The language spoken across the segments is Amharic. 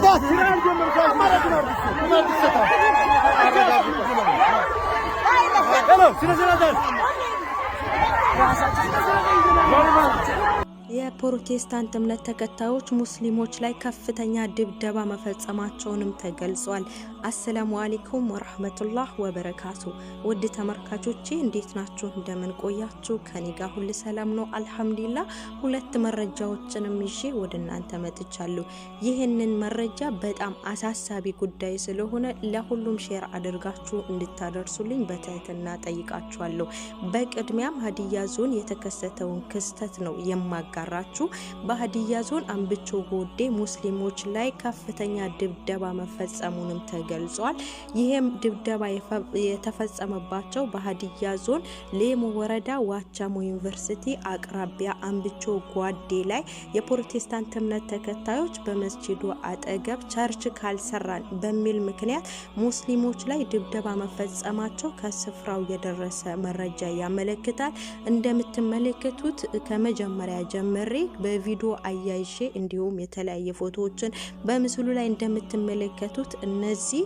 Ada sinar gömür kaç. Mara dinar düşsün. Dinar düşse tam. Hello, sinar sinar der. Ya sen sinar sinar የፕሮቴስታንት እምነት ተከታዮች ሙስሊሞች ላይ ከፍተኛ ድብደባ መፈጸማቸውንም ተገልጿል። አሰላሙ አሌይኩም ወራህመቱላህ ወበረካቱ። ውድ ተመልካቾቼ እንዴት ናችሁ? እንደምን ቆያችሁ? ከኔ ጋር ሁል ሰላም ነው አልሐምዱሊላ። ሁለት መረጃዎችንም ይዤ ወደ እናንተ መጥቻለሁ። ይህንን መረጃ በጣም አሳሳቢ ጉዳይ ስለሆነ ለሁሉም ሼር አድርጋችሁ እንድታደርሱልኝ በትህትና ጠይቃችኋለሁ። በቅድሚያም ሀዲያ ዞን የተከሰተውን ክስተት ነው የማጋራችሁ የሆናችሁ በሀዲያ ዞን አንብቾ ጎዴ ሙስሊሞች ላይ ከፍተኛ ድብደባ መፈጸሙንም ተገልጿል። ይህም ድብደባ የተፈጸመባቸው በሀዲያ ዞን ሌሞ ወረዳ ዋቻሞ ዩኒቨርሲቲ አቅራቢያ አንብቾ ጓዴ ላይ የፕሮቴስታንት እምነት ተከታዮች በመስጂዱ አጠገብ ቸርች ካልሰራን በሚል ምክንያት ሙስሊሞች ላይ ድብደባ መፈጸማቸው ከስፍራው የደረሰ መረጃ ያመለክታል። እንደምትመለከቱት ከመጀመሪያ ጀምሬ በቪዲዮ አያይዤ እንዲሁም የተለያየ ፎቶዎችን በምስሉ ላይ እንደምትመለከቱት እነዚህ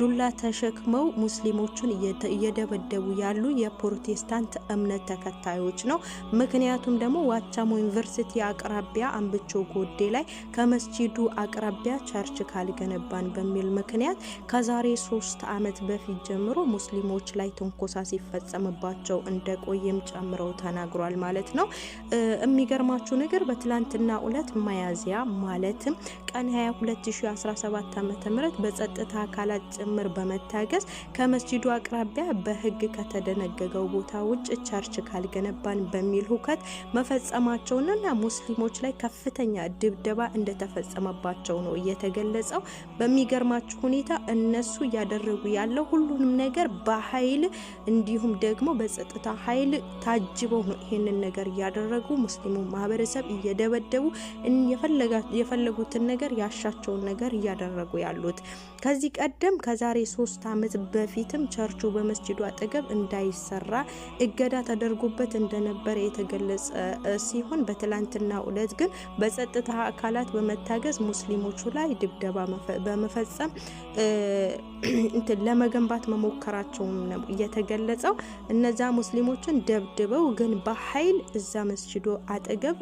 ዱላ ተሸክመው ሙስሊሞችን እየደበደቡ ያሉ የፕሮቴስታንት እምነት ተከታዮች ነው። ምክንያቱም ደግሞ ዋቻሞ ዩኒቨርሲቲ አቅራቢያ አንብቾ ጎዴ ላይ ከመስጂዱ አቅራቢያ ቸርች ካልገነባን በሚል ምክንያት ከዛሬ ሶስት ዓመት በፊት ጀምሮ ሙስሊሞች ላይ ትንኮሳ ሲፈጸምባቸው እንደቆየም ጨምረው ተናግሯል ማለት ነው። የሚገርማችሁ ነገር በትላንትና ዕለት ሚያዝያ ማለትም ቀን 22017 ዓ ም በጸጥታ አካላት ጭምር በመታገዝ ከመስጂዱ አቅራቢያ በህግ ከተደነገገው ቦታ ውጭ ቸርች ካልገነባን በሚል ሁከት መፈጸማቸውንና ሙስሊሞች ላይ ከፍተኛ ድብደባ እንደተፈጸመባቸው ነው እየተገለጸው። በሚገርማችሁ ሁኔታ እነሱ እያደረጉ ያለው ሁሉንም ነገር በኃይል እንዲሁም ደግሞ በጸጥታ ኃይል ታጅበው ነው ይህንን ነገር እያደረጉ ሙስሊሙ ማህበረሰብ ገንዘብ እየደበደቡ የፈለጉትን ነገር ያሻቸውን ነገር እያደረጉ ያሉት። ከዚህ ቀደም ከዛሬ ሶስት አመት በፊትም ቸርቹ በመስጅዱ አጠገብ እንዳይሰራ እገዳ ተደርጎበት እንደነበረ የተገለጸ ሲሆን በትላንትና ዕለት ግን በጸጥታ አካላት በመታገዝ ሙስሊሞቹ ላይ ድብደባ በመፈጸም ለመገንባት መሞከራቸውም ነው የተገለጸው። እነዛ ሙስሊሞችን ደብድበው ግን በኃይል እዛ መስጅዱ አጠገብ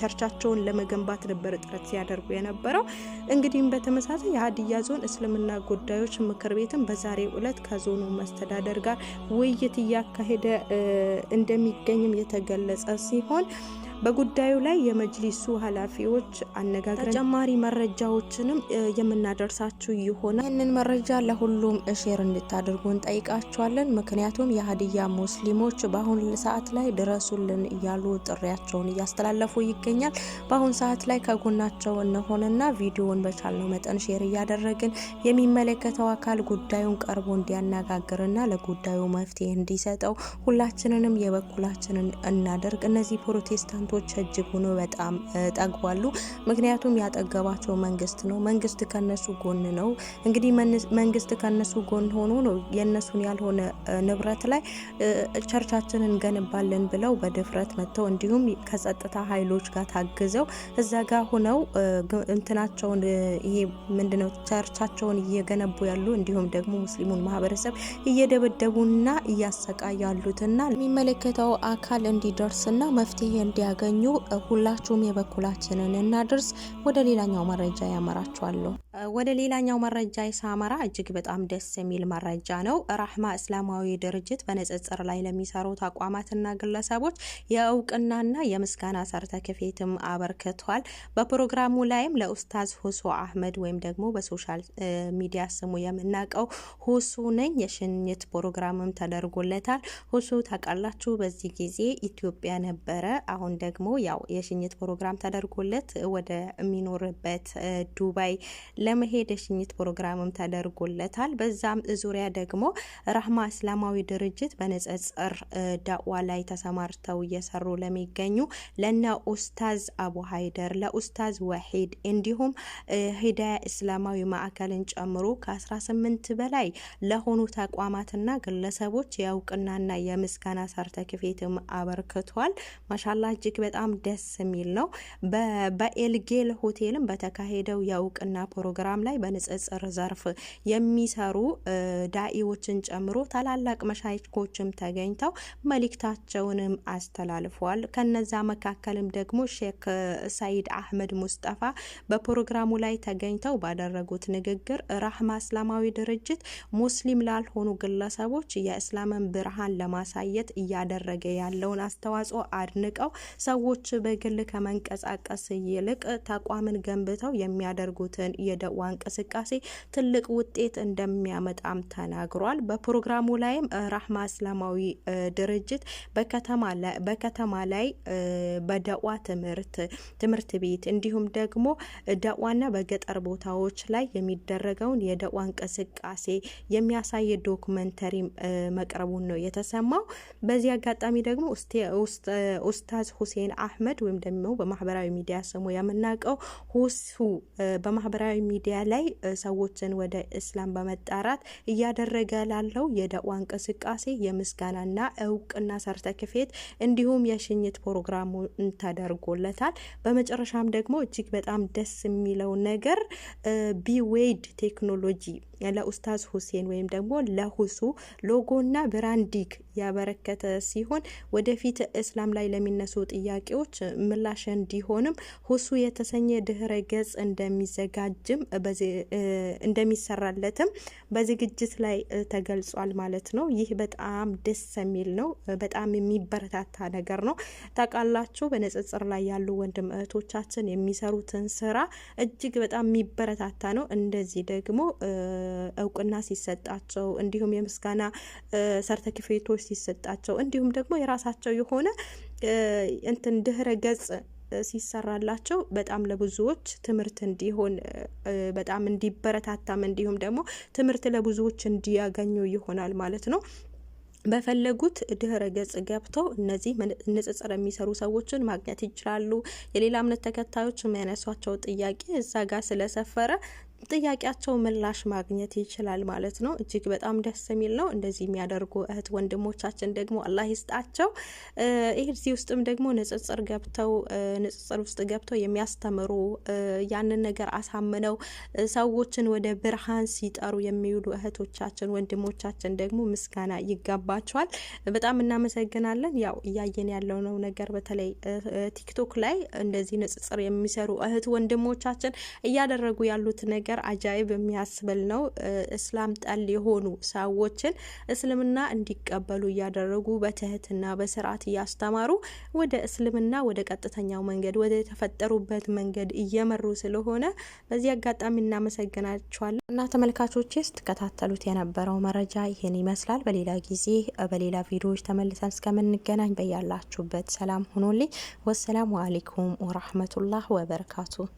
ቸርቻቸውን ለመገንባት ነበር ጥረት ሲያደርጉ የነበረው። እንግዲህም በተመሳሳይ የሀዲያ ዞን እስልምና ጉዳዮች ምክር ቤትም በዛሬው ዕለት ከዞኑ መስተዳደር ጋር ውይይት እያካሄደ እንደሚገኝም የተገለጸ ሲሆን በጉዳዩ ላይ የመጅሊሱ ኃላፊዎች አነጋግረን ተጨማሪ መረጃዎችንም የምናደርሳችሁ ይሆናል። ይህንን መረጃ ለሁሉም ሼር እንድታደርጉ እንጠይቃችኋለን። ምክንያቱም የሀዲያ ሙስሊሞች በአሁን ሰዓት ላይ ድረሱልን እያሉ ጥሪያቸውን እያስተላለፉ ይገኛል። በአሁን ሰዓት ላይ ከጎናቸው እንሆንና ቪዲዮውን በቻልነው መጠን ሼር እያደረግን የሚመለከተው አካል ጉዳዩን ቀርቦ እንዲያነጋግርና ለጉዳዩ መፍትሄ እንዲሰጠው ሁላችንንም የበኩላችንን እናደርግ። እነዚህ ፕሮቴስታንት ስንቶች እጅግ ሆኖ በጣም ጠግቧሉ። ምክንያቱም ያጠገባቸው መንግስት ነው። መንግስት ከነሱ ጎን ነው። እንግዲህ መንግስት ከነሱ ጎን ሆኖ ነው የእነሱን ያልሆነ ንብረት ላይ ቸርቻችን እንገንባለን ብለው በድፍረት መጥተው እንዲሁም ከጸጥታ ኃይሎች ጋር ታግዘው እዛ ጋር ሆነው እንትናቸውን ይሄ ምንድነው ቸርቻቸውን እየገነቡ ያሉ እንዲሁም ደግሞ ሙስሊሙን ማህበረሰብ እየደበደቡና እያሰቃ ያሉትና የሚመለከተው አካል እንዲደርስና መፍትሄ እንዲያገ እንዲያገኙ ሁላችሁም የበኩላችንን እናድርስ። ወደ ሌላኛው መረጃ ያመራችኋለሁ። ወደ ሌላኛው መረጃ የሳመራ እጅግ በጣም ደስ የሚል መረጃ ነው። ራህማ እስላማዊ ድርጅት በንጽጽር ላይ ለሚሰሩ ተቋማትና ግለሰቦች የእውቅናና የምስጋና ሰርተ ክፌትም አበርክቷል። በፕሮግራሙ ላይም ለኡስታዝ ሁሱ አህመድ ወይም ደግሞ በሶሻል ሚዲያ ስሙ የምናውቀው ሁሱ ነኝ የሽኝት ፕሮግራምም ተደርጎለታል። ሁሱ ታውቃላችሁ፣ በዚህ ጊዜ ኢትዮጵያ ነበረ። አሁን ደግሞ ያው የሽኝት ፕሮግራም ተደርጎለት ወደ የሚኖርበት ዱባይ ለመሄድ የሽኝት ፕሮግራምም ተደርጎለታል። በዛም ዙሪያ ደግሞ ራህማ እስላማዊ ድርጅት በንጽጽር ዳዋ ላይ ተሰማርተው እየሰሩ ለሚገኙ ለነ ኡስታዝ አቡ ሀይደር ለኡስታዝ ወሒድ እንዲሁም ሂዳያ እስላማዊ ማዕከልን ጨምሮ ከ18 በላይ ለሆኑ ተቋማትና ግለሰቦች የእውቅናና የምስጋና ሰርተክፌትም አበርክቷል። ማሻላ እጅግ በጣም ደስ የሚል ነው። በኤልጌል ሆቴልም በተካሄደው የእውቅና ፕሮግራም ላይ በንጽጽር ዘርፍ የሚሰሩ ዳኢዎችን ጨምሮ ታላላቅ መሻይኮችም ተገኝተው መልእክታቸውንም አስተላልፈዋል። ከነዛ መካከልም ደግሞ ሼክ ሰይድ አህመድ ሙስጠፋ በፕሮግራሙ ላይ ተገኝተው ባደረጉት ንግግር ራህማ እስላማዊ ድርጅት ሙስሊም ላልሆኑ ግለሰቦች የእስላምን ብርሃን ለማሳየት እያደረገ ያለውን አስተዋጽኦ አድንቀው ሰዎች በግል ከመንቀሳቀስ ይልቅ ተቋምን ገንብተው የሚያደርጉትን የደዋ እንቅስቃሴ ትልቅ ውጤት እንደሚያመጣም ተናግሯል። በፕሮግራሙ ላይም ራህማ እስላማዊ ድርጅት በከተማ ላይ በደዋ ትምህርት ትምህርት ቤት እንዲሁም ደግሞ ደዋና በገጠር ቦታዎች ላይ የሚደረገውን የደዋ እንቅስቃሴ የሚያሳይ ዶክመንተሪ መቅረቡን ነው የተሰማው። በዚህ አጋጣሚ ደግሞ ኡስታዝ ሁሴን አህመድ ወይም ደግሞ በማህበራዊ ሚዲያ ስሙ የምናውቀው ሁሱ በማህበራዊ ሚዲያ ላይ ሰዎችን ወደ እስላም በመጣራት እያደረገ ላለው የደዋ እንቅስቃሴ የምስጋናና እውቅና ሰርተክፌት እንዲሁም የሽኝት ፕሮግራሙ ተደርጎለታል። በመጨረሻም ደግሞ እጅግ በጣም ደስ የሚለው ነገር ቢዌይድ ቴክኖሎጂ ለኡስታዝ ሁሴን ወይም ደግሞ ለሁሱ ሎጎና ብራንዲግ ያበረከተ ሲሆን ወደፊት እስላም ላይ ለሚነሱ ጥያቄዎች ምላሽ እንዲሆንም ሁሱ የተሰኘ ድህረ ገጽ እንደሚዘጋጅም እንደሚሰራለትም በዝግጅት ላይ ተገልጿል ማለት ነው። ይህ በጣም ደስ የሚል ነው። በጣም የሚበረታታ ነገር ነው። ታውቃላችሁ በንጽጽር ላይ ያሉ ወንድም እህቶቻችን የሚሰሩትን ስራ እጅግ በጣም የሚበረታታ ነው። እንደዚህ ደግሞ እውቅና ሲሰጣቸው እንዲሁም የምስጋና ሰርተክፌቶች ሲሰጣቸው እንዲሁም ደግሞ የራሳቸው የሆነ እንትን ድህረ ገጽ ሲሰራላቸው በጣም ለብዙዎች ትምህርት እንዲሆን በጣም እንዲበረታታም እንዲሁም ደግሞ ትምህርት ለብዙዎች እንዲያገኙ ይሆናል ማለት ነው። በፈለጉት ድህረ ገጽ ገብተው እነዚህ ንጽጽር የሚሰሩ ሰዎችን ማግኘት ይችላሉ። የሌላ እምነት ተከታዮች የሚያነሷቸው ጥያቄ እዛ ጋር ስለሰፈረ ጥያቄያቸው ምላሽ ማግኘት ይችላል ማለት ነው። እጅግ በጣም ደስ የሚል ነው። እንደዚህ የሚያደርጉ እህት ወንድሞቻችን ደግሞ አላህ ይስጣቸው። ይህ እዚህ ውስጥም ደግሞ ንጽጽር ገብተው ንጽጽር ውስጥ ገብተው የሚያስተምሩ ያንን ነገር አሳምነው ሰዎችን ወደ ብርሃን ሲጠሩ የሚውሉ እህቶቻችን ወንድሞቻችን ደግሞ ምስጋና ይገባቸዋል። በጣም እናመሰግናለን። ያው እያየን ያለው ነው ነገር በተለይ ቲክቶክ ላይ እንደዚህ ንጽጽር የሚሰሩ እህት ወንድሞቻችን እያደረጉ ያሉት ነገር ነገር አጃይብ የሚያስብል ነው። እስላም ጠል የሆኑ ሰዎችን እስልምና እንዲቀበሉ እያደረጉ በትህትና በስርዓት እያስተማሩ ወደ እስልምና ወደ ቀጥተኛው መንገድ ወደ የተፈጠሩበት መንገድ እየመሩ ስለሆነ በዚህ አጋጣሚ እናመሰግናቸዋለን። እና ተመልካቾች ስትከታተሉት የነበረው መረጃ ይህን ይመስላል። በሌላ ጊዜ በሌላ ቪዲዮዎች ተመልሰን እስከምንገናኝ በያላችሁበት ሰላም ሁኖልኝ። ወሰላሙ አሌይኩም ወራህመቱላህ ወበረካቱ